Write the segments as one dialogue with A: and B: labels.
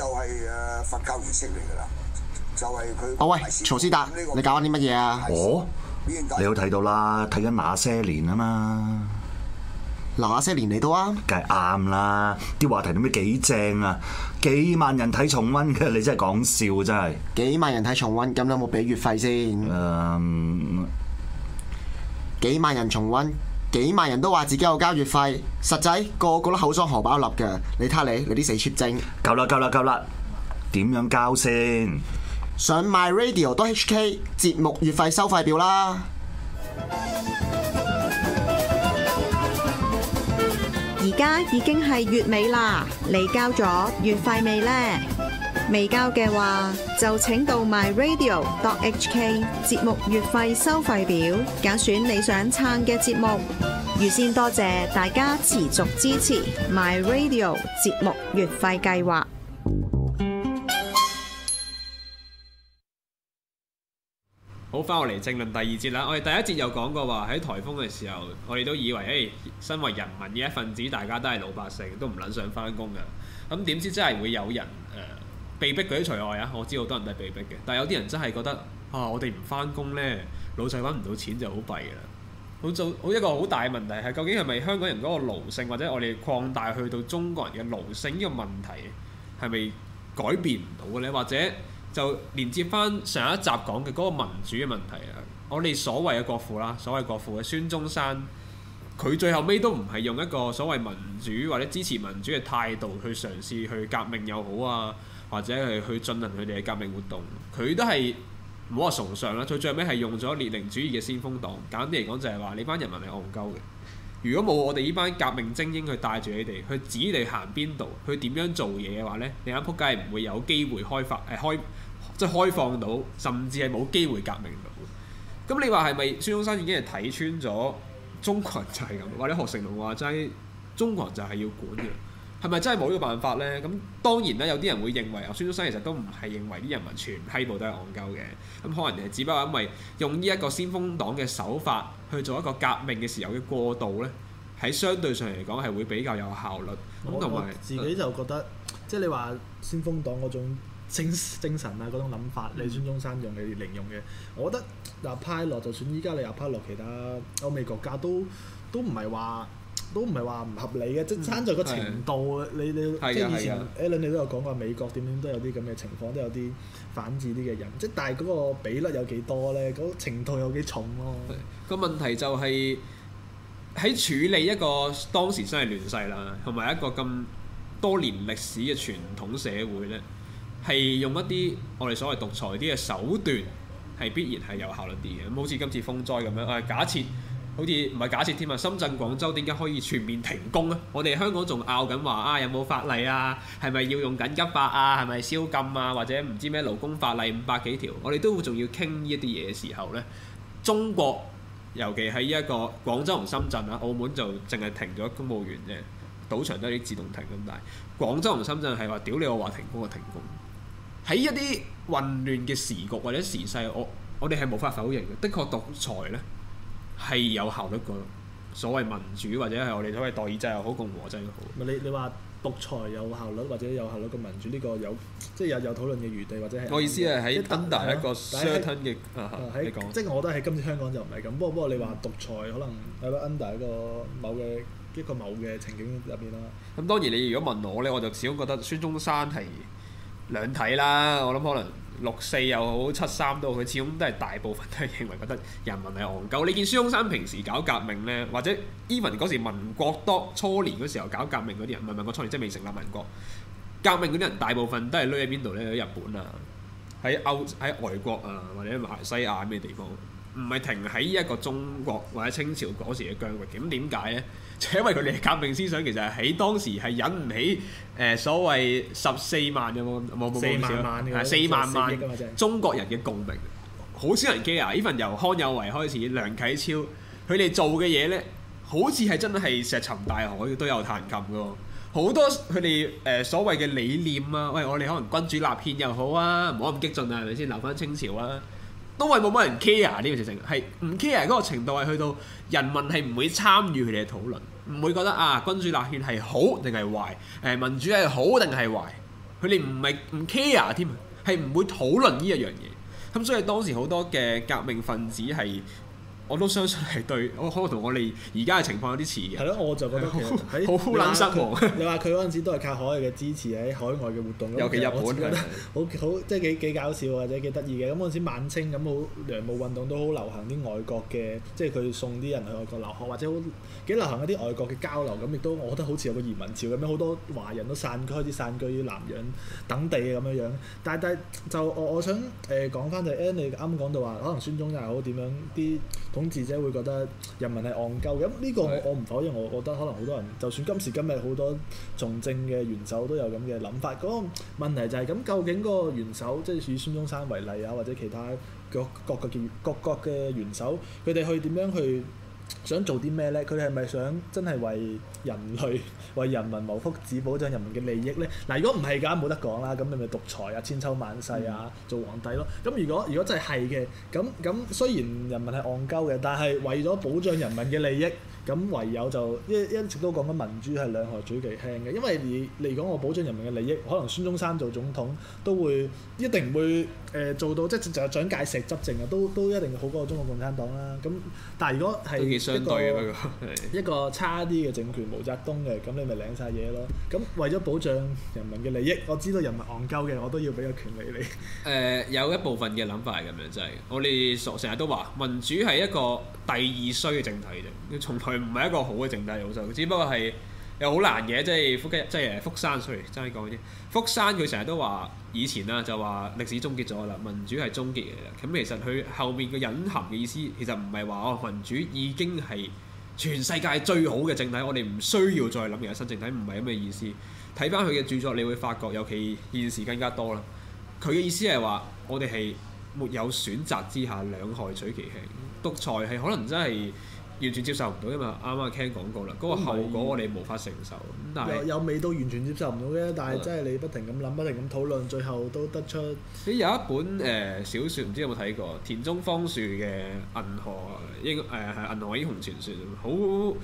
A: 就係誒佛教儀式嚟噶啦，就係、是、佢。哦喂，曹思達，你搞緊啲乜嘢啊？哦，
B: 你都睇到，到，到啦，睇緊那些年啊嘛？那些年你都啱？梗係啱啦，啲話題點解幾正啊？幾萬人睇重溫嘅，你真係講笑真係。
A: 幾萬人睇重溫，咁有冇俾月費先？誒，um, 幾萬人重溫。幾萬人都話自己有交月費，實際個,個個都口裝荷包粒嘅。你睇下你，你啲死撮精！夠啦，夠啦，夠啦！點樣交先？上 MyRadio 多 HK 節目月費收費表啦。而家已經係月尾啦，你交咗月費未呢？未交嘅話就請到 myradio.hk 節目月費收費表，揀選你想撐嘅節目。預先多謝大家持續支持 myradio 節目月費計劃。好，翻我嚟政論第二節啦。我哋第一節又講過話喺台風嘅時候，我哋都以為誒，身為人民嘅一份子，大家都係老百姓，都唔撚想翻工噶。咁點知真係會有人誒？呃被逼嗰啲除外啊！我知好多人都係被逼嘅，但係有啲人真係覺得啊，我哋唔翻工呢，老細揾唔到錢就好弊啦。好做好一個好大問題係，究竟係咪香港人嗰個奴性或者我哋擴大去到中國人嘅奴性嘅問題係咪改變唔到嘅呢？或者就連接翻上，上一集講嘅嗰個民主嘅問題啊，我哋所謂嘅國父啦，所謂國父嘅孫中山，佢最後尾都唔係用一個所謂民主或者支持民主嘅態度去嘗試去革命又好啊。或者係去進行佢哋嘅革命活動，佢都係唔好話崇尚啦。佢最尾係用咗列寧主義嘅先鋒黨，簡單啲嚟講就係話你班人民係戇鳩嘅。如果冇我哋呢班革命精英去帶住你哋，去指你行邊度，去點樣做嘢嘅話呢，你啱撲街係唔會有機會開發，係開即係開放到，甚至係冇機會革命到。咁你話係咪孫中山已經係睇穿咗中國人就係咁？或者學成龍話齋，中國人就係要管嘅。係咪真係冇呢個辦法咧？咁當然啦，有啲人會認為啊，孫中山其實都唔係認為啲人民全部都係戇鳩嘅。咁可能係只不過因為用呢一個先鋒黨嘅手法去做一個革命嘅時候嘅過渡咧，喺相對上嚟講係會比較有效率。咁同埋自己就
B: 覺得，呃、即係你話先鋒黨嗰種精精神啊，嗰種諗法，嗯、你孫中山用嘅零用嘅，我覺得嗱，派落就算依家你又派落其他歐美國家都，都都唔係話。都唔係話唔合理嘅，即係爭在個程度。你你即係以前 Allen 你都有講過美國點點都有啲咁嘅情況，都有啲反智啲嘅人。即係但係嗰個比率有幾多咧？嗰個程度有幾重咯？
A: 個問題就係喺處理一個當時真係亂世啦，同埋一個咁多年歷史嘅傳統社會咧，係用一啲我哋所謂獨裁啲嘅手段，係必然係有效率啲嘅。咁好似今次風災咁樣，我係假設。好似唔係假設添啊！深圳、廣州點解可以全面停工啊？我哋香港仲拗緊話啊，有冇法例啊？係咪要用緊急法啊？係咪宵禁啊？或者唔知咩勞工法例五百幾條？我哋都會仲要傾呢一啲嘢嘅時候呢，中國尤其喺呢一個廣州同深圳啊，澳門就淨係停咗公務員啫，賭場都係自動停咁大。但廣州同深圳係話屌你我話停工就停工。喺一啲混亂嘅時局或者時勢，我我哋係無法否認嘅。的確獨裁呢。係有效率嘅所謂民主，或者係我哋所謂代議制又好，共和制又好。你你話
B: 獨裁有效率，或者有效率嘅民主呢、呢個有即係、即係、有有討論嘅餘地，或者係？我意思係喺 under 一個 certain 嘅，你講即係我覺得喺今次香港就唔係咁。不過不過你話獨裁可能 under 一個某嘅一個某嘅情景入邊啦。
A: 咁、嗯、當然你如果問我咧，我就始終覺得孫中山係兩體啦。我諗可能。六四又好，七三都好，佢始終都係大部分都係認為覺得人民係戇鳩。你見孫中山平時搞革命呢，或者 even 嗰時民國多初年嗰時候搞革命嗰啲人，唔係民國初年，即係未成立民國，革命嗰啲人大部分都係匿喺邊度呢？喺日本啊，喺歐喺外國啊，或者馬來西亞咩、啊、地方，唔係停喺一個中國或者清朝嗰時嘅疆域。咁點解呢？因為佢哋革命思想其實喺當時係引唔起誒、呃、所謂十四萬有冇冇冇少啊，四萬萬中國人嘅共鳴，好、嗯、少人知啊！呢份由康有為開始，梁啟超佢哋做嘅嘢呢，好似係真係石沉大海，都有彈琴㗎喎。好多佢哋誒所謂嘅理念啊，喂，我哋可能君主立憲又好啊，唔好咁激進啊，係咪先留翻清朝啊？都係冇乜人 care 呢個直情，係唔 care 嗰個程度係去到人民係唔會參與佢哋嘅討論，唔會覺得啊君主立憲係好定係壞，誒民主係好定係壞，佢哋唔係唔 care 添，係唔會討論呢一樣嘢，咁所以當時好多嘅革命分子係。我都相信係對，我可能同我哋而家嘅情況有啲似嘅。係咯，我就覺得好好冷失望。你話佢
B: 嗰陣時都係靠海外嘅支持喺海外嘅活動。尤 其日本其的好好
A: 即係幾幾搞笑
B: 或者幾得意嘅。咁嗰陣時晚清咁、嗯、好洋務運動都好流行啲外國嘅，即係佢送啲人去外國留學或者好幾流行一啲外國嘅交流。咁亦都我覺得好似有個移民潮咁樣，好多華人都散居啲散居於南洋等地咁樣樣。但但就我我想誒、呃、講翻就 Allen 你啱講到話，可能孫中山又好點樣啲。統治者會覺得人民係戇鳩嘅，咁呢個我我唔否認。我覺得可能好多人，就算今時今日好多從政嘅元首都有咁嘅諗法。個問題就係，咁，究竟個元首，即係以孫中山為例啊，或者其他各各個國國嘅元首，佢哋去點樣去？想做啲咩咧？佢哋係咪想真係為人類、為人民謀福祉，保障人民嘅利益咧？嗱，如果唔係㗎，冇得講啦。咁你咪獨裁啊，千秋萬世啊，做皇帝咯。咁如果如果真係係嘅，咁咁雖然人民係戇鳩嘅，但係為咗保障人民嘅利益。咁唯有就一一直都講緊民主係兩害取其輕嘅，因為你嚟講我保障人民嘅利益，可能孫中山做總統都會一定會誒、呃、做到，即係就係蔣介石執政啊，都都一定好過中國共產黨啦。咁但係如果係相對
A: 一，個的一
B: 個差啲嘅政權毛澤東嘅，咁你咪領晒嘢咯。咁為咗保障人民嘅利益，我知道人民戇鳩嘅，我都要俾個權力你。
A: 誒。有一部分嘅諗法係咁樣，真、就、係、是、我哋成日都話民主係一個第二衰嘅政體嘅，從來。佢唔係一個好嘅政體，我就只不過係有好難嘅，即係福即係福山，雖然齋講啲福山，佢成日都話以前啦，就話歷史終結咗啦，民主係終結嘅啦。咁其實佢後面嘅隱含嘅意思，其實唔係話哦，民主已經係全世界最好嘅政體，我哋唔需要再諗其他新政體，唔係咁嘅意思。睇翻佢嘅著作，你會發覺，尤其現時更加多啦。佢嘅意思係話，我哋係沒有選擇之下，兩害取其輕，獨裁係可能真係，完全接受唔到，因為啱啱 Ken 講過啦，嗰個後果我哋無法承受。但有
B: 有味到完全接受唔到嘅。但係真係你不停咁諗，不停咁討論，最後都得出。
A: 你有一本誒、呃、小説，唔知有冇睇過？田中芳樹嘅《銀河英誒係、呃、銀河英雄傳説》，好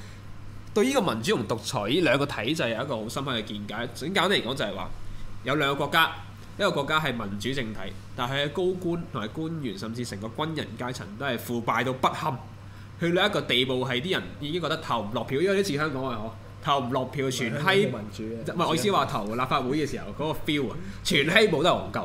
A: 對呢個民主同獨裁呢兩個體制有一個好深刻嘅見解。整簡單嚟講就係話，有兩個國家，一個國家係民主政體，但係高官同埋官員甚至成個軍人階層都係腐敗到不堪。去到一個地步係啲人已經覺得投唔落票，因為呢次香港係我投唔落票，全係是民主，唔係是我意思話投立法會嘅時候嗰、那個 feel 啊，全係冇得戇鳩，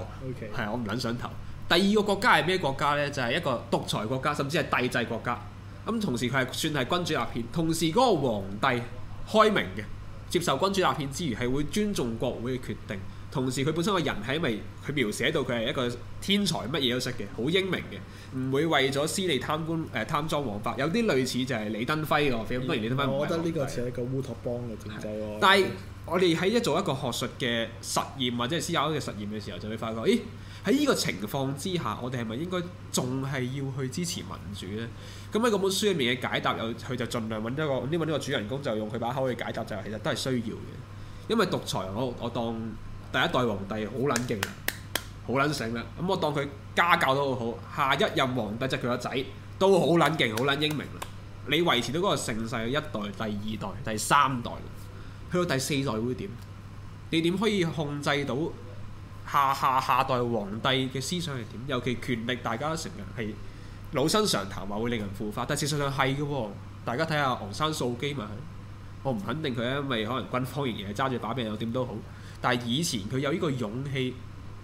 A: 係我唔撚想投。第二個國家係咩國家呢？就係、是、一個獨裁國家，甚至係帝制國家。咁同時佢係算係君主立憲，同時嗰個皇帝開明嘅，接受君主立憲之餘係會尊重國會嘅決定。同時佢本身個人係因為佢描寫到佢係一個天才，乜嘢都識嘅，好英明嘅，唔會為咗私利貪官誒、呃、貪贓枉法。有啲類似就係李登輝個，對不如你睇翻。我覺得呢
B: 個似一個烏托邦嘅存在。但
A: 係我哋喺一做一個學術嘅實驗或者係思考嘅實驗嘅時候，就會發覺，咦？喺呢個情況之下，我哋係咪應該仲係要去支持民主咧？咁喺嗰本書裡面嘅解答有，佢就盡量揾一個，呢揾呢個主人公就用佢把口去解答，就係、其實都係需要嘅。因為獨裁我，我我當。第一代皇帝好撚勁，好撚醒啦。咁我當佢家教都好好，下一任皇帝即佢個仔都好撚勁，好撚英明啦。你維持到嗰個盛世，一代、第二代、第三代，去到第四代會點？你點可以控制到下下下代皇帝嘅思想係點？尤其權力，大家都成日係老生常談話會令人腐化，但事實上係嘅。大家睇下昂山素姬咪？我唔肯定佢，因為可能軍方仍然係揸住把柄，又點都好。但以前佢有呢個勇氣，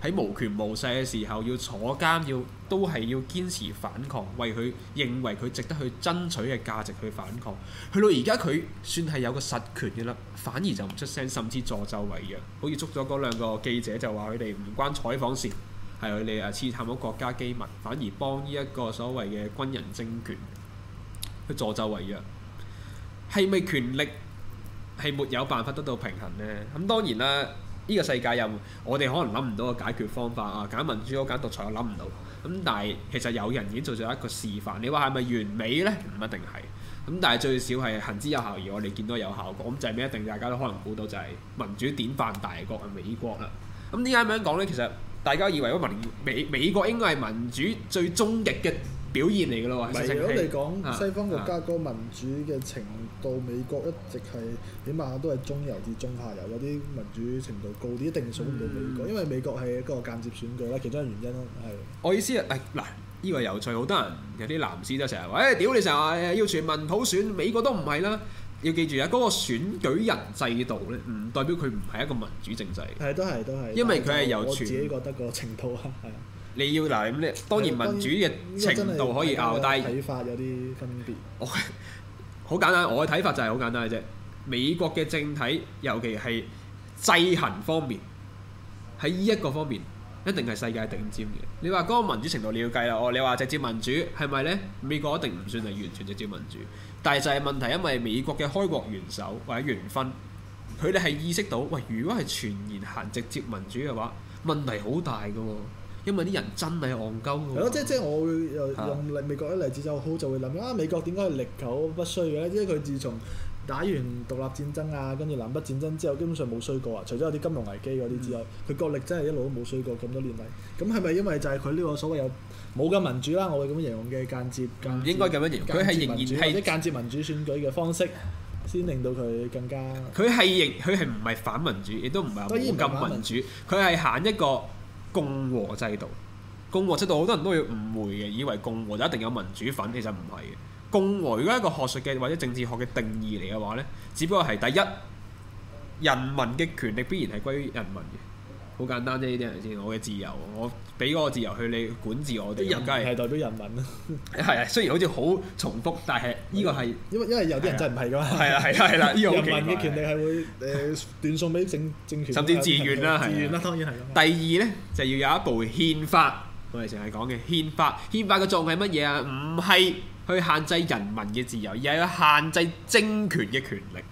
A: 喺無權無勢嘅時候要坐監，要都係要堅持反抗，為佢認為佢值得去爭取嘅價值去反抗。去到而家佢算係有個實權嘅啦，反而就唔出聲，甚至助紂為虐，好似捉咗嗰兩個記者就話佢哋唔關採訪事，係佢哋啊刺探咗國家機密，反而幫呢一個所謂嘅軍人政權去助紂為虐，係咪權力係沒有辦法得到平衡呢？咁當然啦。呢個世界有冇我哋可能諗唔到嘅解決方法啊，揀民主好揀獨裁我諗唔到。咁但係其實有人已經做咗一個示範，你話係咪完美呢？唔一定係。咁但係最少係行之有效而我哋見到有效果，咁、嗯、就係咩？一定大家都可能估到就係民主典範大國啊美國啦。咁點解咁樣講呢？其實大家以為個民美美國應該係民主最終極嘅表現嚟㗎啦喎。其實如果你講西方國家個
B: 民主嘅情到美國一直係，起碼都係中右至中派右，有啲民主程度高啲，一定係數唔到美國，因為美國係一個間接選舉啦，其中一個原因咯。係。
A: 我意思啊，誒嗱，依個有趣，好多人有啲藍絲都成日話，誒、欸、屌你成日話要全民普選，美國都唔係啦。要記住啊，嗰、那個選舉人制度咧，唔代表佢唔係一個民主政制。
B: 係都係都係。因為佢係由自己覺得個程度啊，係啊。
A: 你要嗱咁咧，當然民主嘅程度可以拗，低，睇
B: 法有啲分別。
A: 好簡單，我嘅睇法就係好簡單嘅啫。美國嘅政體，尤其係制衡方面，喺呢一個方面一定係世界頂尖嘅。你話嗰個民主程度你要計啦，我你話直接民主係咪呢？美國一定唔算係完全直接民主，但係就係問題，因為美國嘅開國元首或者元勳，佢哋係意識到喂，如果係全然行直接民主嘅話，問題好大嘅喎、哦。因為啲人真係戇鳩。係即係
B: 我會用美國啲例子就好，就會諗啊美國點解係歷久不衰嘅咧？因為佢自從打完獨立戰爭啊，跟住南北戰爭之後，基本上冇衰過啊。除咗有啲金融危機嗰啲之外，佢、嗯、國力真係一路都冇衰過咁多年嚟。咁係咪因為就係佢呢個所謂有冇咁民主啦、啊？我會咁樣形容嘅間接，唔應該咁樣形容。佢係仍然係啲間接民主選舉嘅方式，先令到佢更加。
A: 佢係仍佢係唔係反民主，亦都唔係冇咁民主。佢係行一個，共和制度，共和制度好多人都會誤會嘅，以為共和就一定有民主份，其實唔係嘅。共和如果係一個學術嘅或者政治學嘅定義嚟嘅話咧，只不過係第一，人民嘅權力必然係歸於人民嘅。好簡單啫，呢啲人先我嘅自由，我俾嗰個自由去你管治我哋。啲人格係代表人民咯，係啊，雖然好似好重複，但係呢個係因為因為有啲人真係唔係㗎嘛。係啦係啦係啦，人民嘅權利
B: 係會誒斷送俾政政權。甚至自願啦，自願啦，當然係
A: 咁。第二咧就要有一部憲法，我哋成日講嘅憲法，憲法嘅作用係乜嘢啊？唔係去限制人民嘅自由，而係去限制政權嘅權力。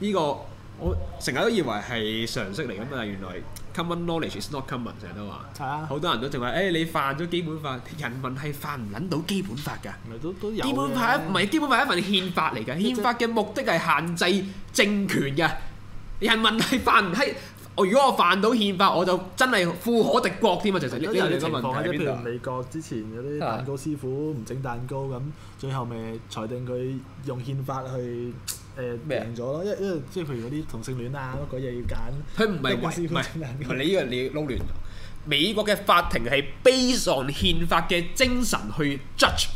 A: 呢個我成日都以為係常識嚟㗎嘛，原來 Yeah. common knowledge is not common，成日都話，好 Yeah. 多人都淨話，誒、欸、你犯咗基本法，人民係犯唔撚到基本法㗎。都都有基。基本法唔係基本法係一份憲法嚟㗎，是憲法嘅目的係限制政權㗎。人民係犯唔係，我如果我犯到憲法，我就真係富可敵國添啊！其實呢個問題喺邊啊？情況美
B: 國之前嗰啲蛋糕師傅唔整蛋糕，咁 Yeah. 最後咪裁定佢用憲法去。誒咗咯，一因為即係譬如嗰啲同性戀啊乜鬼嘢要
A: 揀，佢唔係唔係，你呢樣你撈亂咗。美國嘅法庭係 based on 憲法嘅精神去 judge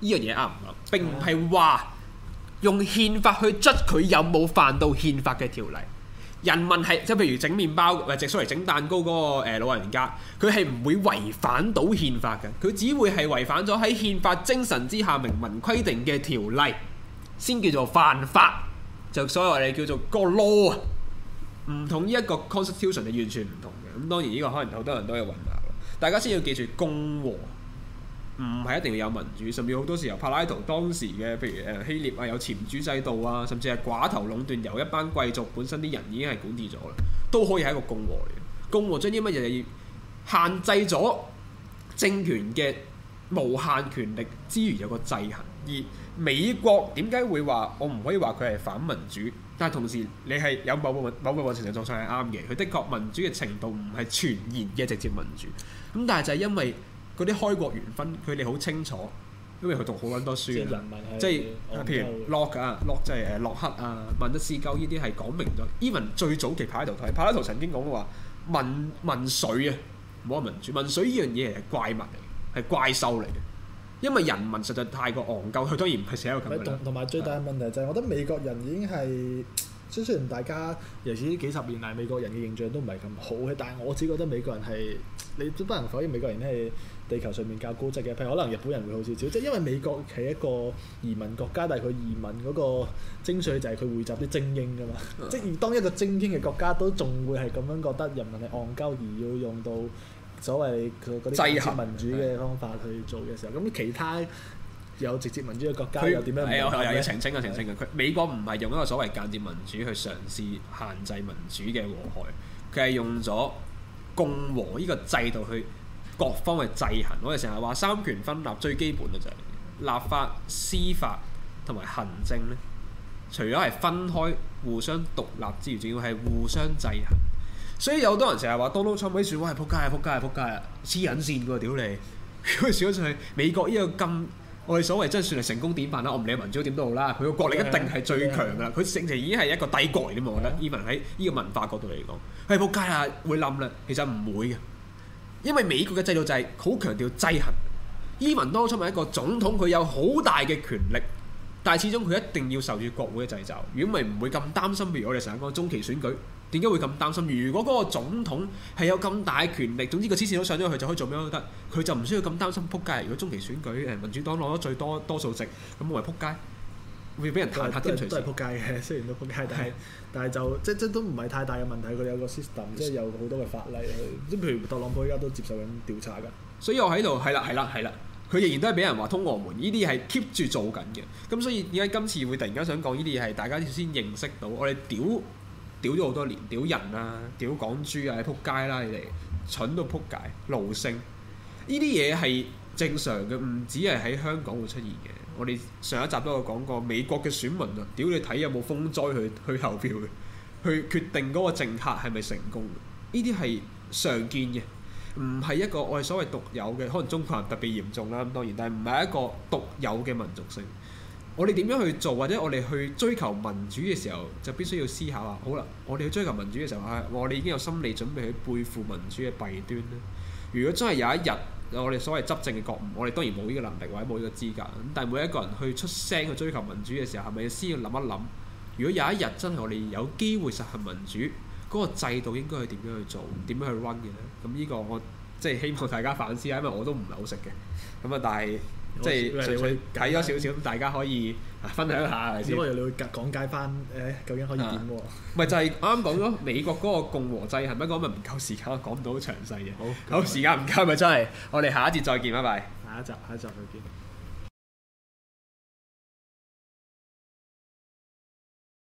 A: 呢樣嘢啱唔啱？並唔係話用憲法去 judge 佢有冇犯到憲法嘅條例。人民係即係譬如整麵包，或者直説為整蛋糕嗰個老人家，佢係唔會違反到憲法嘅，佢只會係違反咗喺憲法精神之下明文規定嘅條例。先叫做犯法，就所以我哋叫做個 law 啊，唔同呢一個 constitution 係完全唔同嘅。咁當然呢個可能好多人都有混淆。大家先要記住共和，唔係一定要有民主。甚至好多時候，柏拉圖當時嘅譬如誒希臘啊，有僭主制度啊，甚至係寡頭壟斷，由一班貴族本身啲人已經係管治咗啦，都可以係一個共和嚟嘅。共和將依乜嘢要限制咗政權嘅無限權力之餘，有個制衡而。美國點解會話我唔可以話佢係反民主？但係同時你係有某部分某部分程度上係啱嘅。佢的確民主嘅程度唔係全然嘅直接民主。咁但係就係因為嗰啲開國元勳，佢哋好清楚，因為佢讀好撚多書即係譬是、嗯、如洛克啊洛克就係誒洛克啊，孟德斯鳩呢啲係講明咗。Even 最早期柏拉圖係柏拉圖曾經講過話：民民粹啊，冇乜民主，民粹呢樣嘢係怪物嚟，係怪獸嚟。因為人民實在太過戇鳩，佢當然唔係寫一個咁，
B: 同埋最大嘅問題就係，我覺得美國人已經係雖然大家尤其是幾十年嚟美國人嘅形象都唔係咁好嘅，但係我自己覺得美國人係你都不能否認美國人係地球上面較高質嘅，譬如可能日本人會好少少，即係因為美國係一個移民國家，但係佢移民嗰個精髓就係佢匯集啲精英㗎嘛。即而當一個精英嘅國家都仲會係咁樣覺得人民係戇鳩而要用到。所謂佢啲間接民主嘅方法去做嘅時候，咁制衡其他有直接民主嘅國家又點樣？係啊係啊，澄清
A: 啊澄清啊！佢、就是、美國唔係用一個所謂間接民主去嘗試限制民主嘅禍害，佢係用咗共和呢個制度去各方嘅制衡。我哋成日話三權分立最基本嘅就係立法、司法同埋行政咧，除咗係分開互相獨立之餘，仲要係互相制衡。所以有好多人成日話 Donald Trump 係仆街啊，仆街啊，仆街啊，黐緊線喎，屌你！如果少咗出去美國呢個咁，我哋所謂真係算係成功典範啦，我唔理民主點都好啦，佢個國力一定係最強啦，佢成成已經係一個帝國嚟嘅，我覺得。Even 喺呢個文化角度嚟講，係仆街啊，會冧啦，其實唔會嘅，因為美國嘅制度就係好強調制衡。Even Donald Trump 一個總統，佢有好大嘅權力，但係始終佢一定要受住國會嘅掣肘。如果唔係，唔會咁擔心。譬如我哋成日講中期選舉。點解會咁擔心？如果嗰個總統係有咁大權力，總之佢黐線佬上咗去就可以做咩都得，佢就唔需要咁擔心。撲街！如果中期選舉民主黨攞咗最多多數席，咁我係撲街，會俾人彈下，天台是。便都係撲
B: 街嘅，雖然都撲街，但係 但係就即即都唔係太大嘅問題。佢有個 system， 即係有好多嘅法例。即譬如特朗普而家都接受緊調查㗎，
A: 所以我喺度係啦係啦係啦，佢仍然都係俾人話通俄門，呢啲係 keep 住做緊嘅。咁所以點解今次會突然間想講呢啲嘢係大家先認識到我哋屌？屌咗好多年，屌人啊，屌港豬啊，你仆街啦！你哋蠢到仆街，奴性，呢啲嘢係正常嘅，唔止係喺香港會出現嘅。我哋上一集都有講過，美國嘅選民啊，屌你睇有冇風災去去投票嘅，去決定嗰個政客係咪成功。呢啲係常見嘅，唔係一個我哋所謂獨有嘅，可能中國人特別嚴重啦，當然，但係唔係一個獨有嘅民族性。我哋點樣去做，或者我哋去追求民主嘅時候，就必須要思考下，好啦，我哋去追求民主嘅時候，我哋已經有心理準備去背負民主嘅弊端咧。如果真係有一日我哋所謂執政嘅覺悟，我哋當然冇呢個能力或者冇呢個資格。咁但係每一個人去出聲去追求民主嘅時候，係咪要先要諗一諗？如果有一日真係我哋有機會實行民主，嗰個制度應該去點樣去做、點樣去 run 嘅呢？咁呢個我即係希望大家反思下，因為我都唔係好識嘅。咁啊，但係。即係，所以睇咗少少，大家可以分享下先。不如
B: 你會講解翻，誒究竟可以點喎？
A: 唔係就係啱啱講咗美國嗰個共和制係咪？講咪唔夠時間，講唔到好詳細嘅。好，咁時間唔夠咪真係，我哋下一節再見，拜拜。下一集，下一集再見。